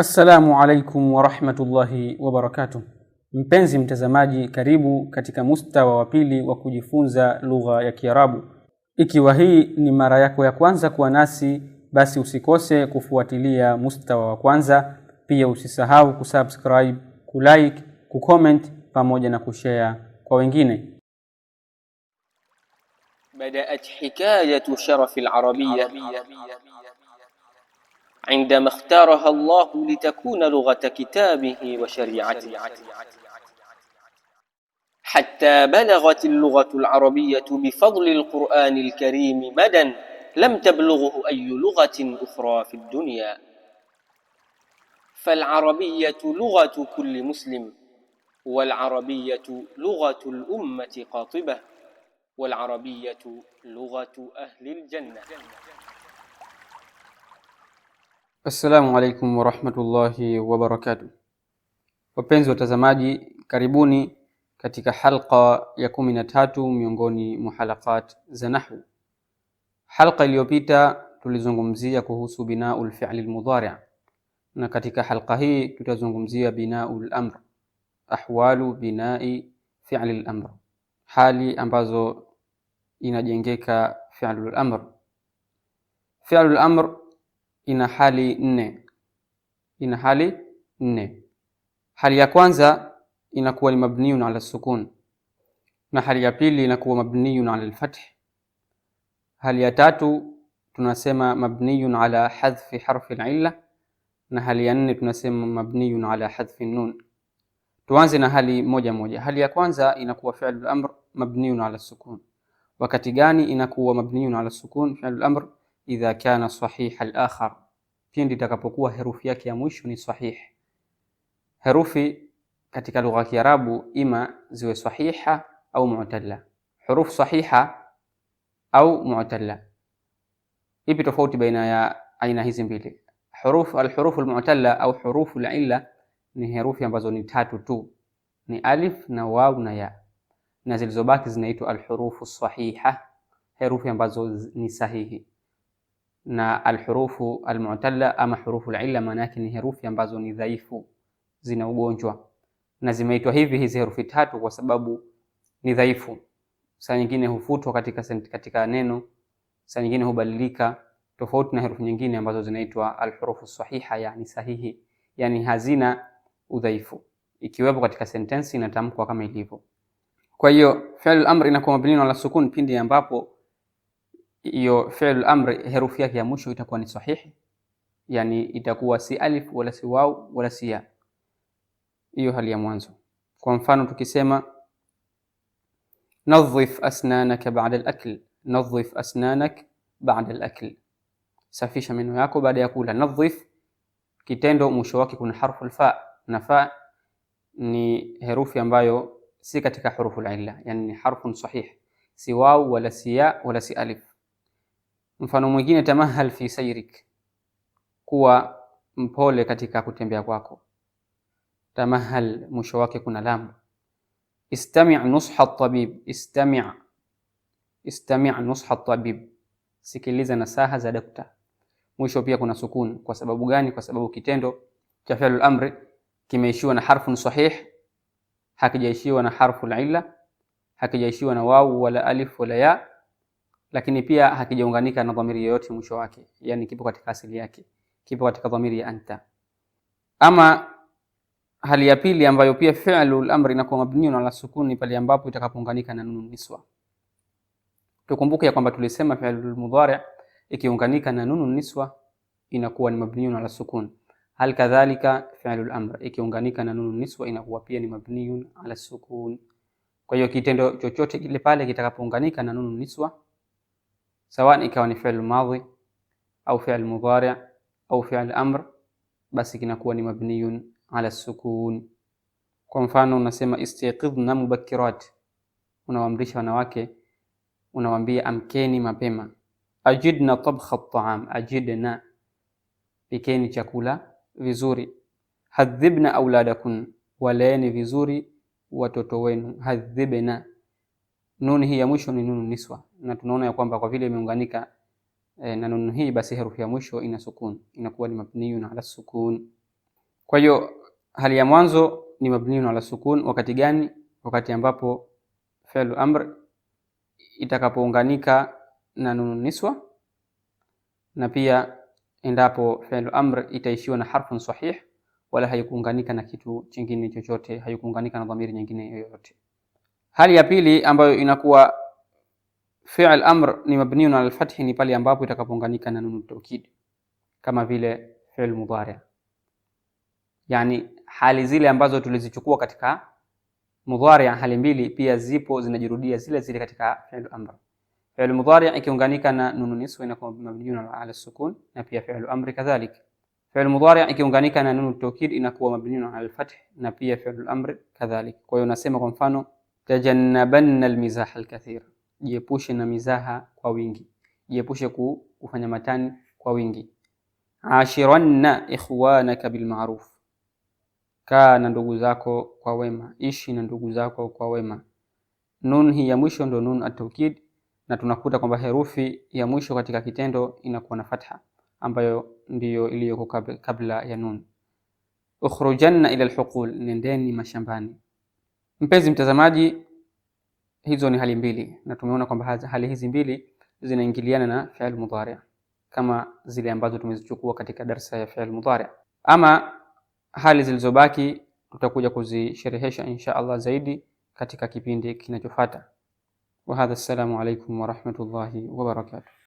Assalamu alaikum warahmatullahi wabarakatuh. Mpenzi mtazamaji, karibu katika mustawa wa pili wa kujifunza lugha ya Kiarabu. Ikiwa hii ni mara yako ya kwanza kuwa nasi, basi usikose kufuatilia mustawa wa kwanza. Pia usisahau kusubscribe, kulike, kucomment pamoja na kushare kwa wengine. Badaat hikayatu sharafi al عندما اختارها الله لتكون لغة كتابه وشريعته حتى بلغت اللغة العربية بفضل القرآن الكريم مدى لم تبلغه أي لغة أخرى في الدنيا فالعربية لغة كل مسلم والعربية لغة الأمة قاطبة والعربية لغة أهل الجنة Assalamu alaikum warahmatullahi wabarakatuh. Wapenzi watazamaji, karibuni katika halqa ya kumi na tatu miongoni mwa halaqat za nahwu. Halqa iliyopita tulizungumzia kuhusu binau lfili lmudhari na katika halqa hii tutazungumzia binau lamr ahwalu binai fi'li al hali ambazo inajengeka fi'lul amr. Fi'lul amr ina hali nne, ina hali nne. Hali ya kwanza inakuwa ni mabniun ala sukun, na hali ya pili inakuwa mabniun ala alfath. Hali ya tatu tunasema mabniun ala hadhfi harfi alilla, na hali ya nne tunasema mabniun ala hadhfi nun. Tuanze na hali moja moja. Hali ya kwanza inakuwa fi'lul amr mabniun ala sukun. Wakati gani inakuwa mabniun ala sukun fi'lul amr? idha kana sahiha al-akhar, pindi itakapokuwa herufi yake ya mwisho ni sahih. Herufi katika lugha ya Kiarabu ima ziwe sahiha au mu'talla. Huruf sahiha au mu'talla, ipi tofauti baina ya aina hizi mbili? Huruf al-huruf al-mu'talla au huruf al-illa ni herufi ambazo ni tatu tu, ni alif na waw na ya, na zilizobaki zinaitwa al-huruf sahiha herufi ambazo ni sahihi. na alhurufu almu'talla ama hurufu alilla, maana yake ni herufi ambazo ni dhaifu, zina ugonjwa, na zimeitwa hivi hizi herufi tatu kwa sababu ni dhaifu. Saa nyingine hufutwa katika katika neno, saa nyingine hubadilika, tofauti na herufi nyingine ambazo zinaitwa alhurufu sahiha, yani sahihi, yani hazina udhaifu, ikiwepo katika sentensi inatamkwa kama ilivyo. Kwa hiyo fi'l al-amr inakuwa mabniun ala sukun pindi ambapo hiyo fi'lu amri herufi yake ya mwisho itakuwa ni sahihi, yani itakuwa si alif wala si wau wala si ya. Hiyo hali ya mwanzo. Kwa mfano tukisema nadhif asnanaka ba'da al-akl, nadhif asnanak ba'da al-akl, safisha meno yako baada ya kula. Nadhif kitendo mwisho wake kuna harfu al-fa, na fa ni herufi ambayo si katika hurufu al-illa, yani ni harfun sahih, si wau wala si ya wala si alif. Mfano mwingine, tamahal fi sayrik, kuwa mpole katika kutembea kwako. Tamahal mwisho wake kuna lamu. Istami' nusha tabib, istami' istami' nusha tabib, sikiliza nasaha za dakta. Mwisho pia kuna sukun. Kwa sababu gani? Kwa sababu kitendo cha fi'lul amr kimeishiwa na harfun sahih, hakijaishiwa na harful illa, hakijaishiwa na wawu wala alif wala ya lakini pia hakijaunganika na dhamiri yoyote mwisho wake, yani kipo katika asili yake, kipo katika dhamiri ya anta. Ama hali ya pili ambayo pia fi'lu al-amri inakuwa mabniun ala sukuni pale ambapo itakapounganika na nunu niswa. Tukumbuke ya kwamba tulisema fi'lul mudhari ikiunganika na nunu niswa inakuwa ni mabniun ala sukun. Hal kadhalika fi'lul amr ikiunganika na nunu niswa inakuwa pia ni mabniun ala sukun. Kwa hiyo kitendo chochote kile pale kitakapounganika na nunu niswa sawa ikawa ni fi'l madhi au fi'l mudhari' au fi'l amr, basi kinakuwa ni mabniyun ala sukun. Kwa mfano unasema istiqidhna mubakirat, unawaamrisha wanawake, unawaambia amkeni mapema. Ajidna tabkha at ajidna, pikeni chakula vizuri. Hadhibna auladakun waleeni vizuri watoto wenu. Hadhibna Nuni hii ya mwisho ni nunu niswa, na tunaona ya kwamba kwa vile imeunganika e, na nunu hii, basi herufi ya mwisho ina sukun, inakuwa ni mabniun ala sukun. Kwa hiyo hali ya mwanzo ni mabniun ala sukun. Wakati gani? Wakati ambapo fi'lu amr itakapounganika na nunu niswa, na pia endapo fi'lu amr itaishiwa na harfun sahih, wala haikuunganika na kitu chingine chochote, haikuunganika na dhamiri nyingine yoyote. Hali ya pili ambayo inakuwa fi'l amr ni mabniun ala al fath ni pale ambapo itakapounganika na nunu taukid kama vile fi'l mudhari, yani hali zile ambazo tulizichukua katika mudhari, hali mbili pia zipo zinajirudia zile zile katika fi'l amr. Fi'l mudhari ikiunganika na nunu niswa inakuwa mabniun ala sukun, na pia fi'l amr kadhalik. Fi'l mudhari ikiunganika na nunu taukid inakuwa mabniun ala al-fath, na pia fi'l amr kadhalik. Kwa hiyo unasema kwa mfano tajannabanna almizaha alkathir jiepushe na mizaha kwa wingi, jiepushe kufanya matani kwa wingi. Ashiranna ikhwanaka bilmaruf, kaa na ndugu zako kwa wema, ishi na ndugu zako kwa wema. Nun hii ya mwisho ndo nun ataukid, na tunakuta kwamba herufi ya mwisho katika kitendo inakuwa na fatha ambayo ndiyo iliyoko kabla ya nun. Ukhrujanna ila alhuqul, nendeni mashambani Mpenzi mtazamaji, hizo ni hali mbili na tumeona kwamba hali hizi mbili zinaingiliana na fi'l mudhari kama zile ambazo tumezichukua katika darsa ya fi'l mudhari. Ama hali zilizobaki tutakuja kuzisherehesha insha Allah zaidi katika kipindi kinachofuata. Wa hadha, assalamu alaykum wa rahmatullahi wa barakatuh.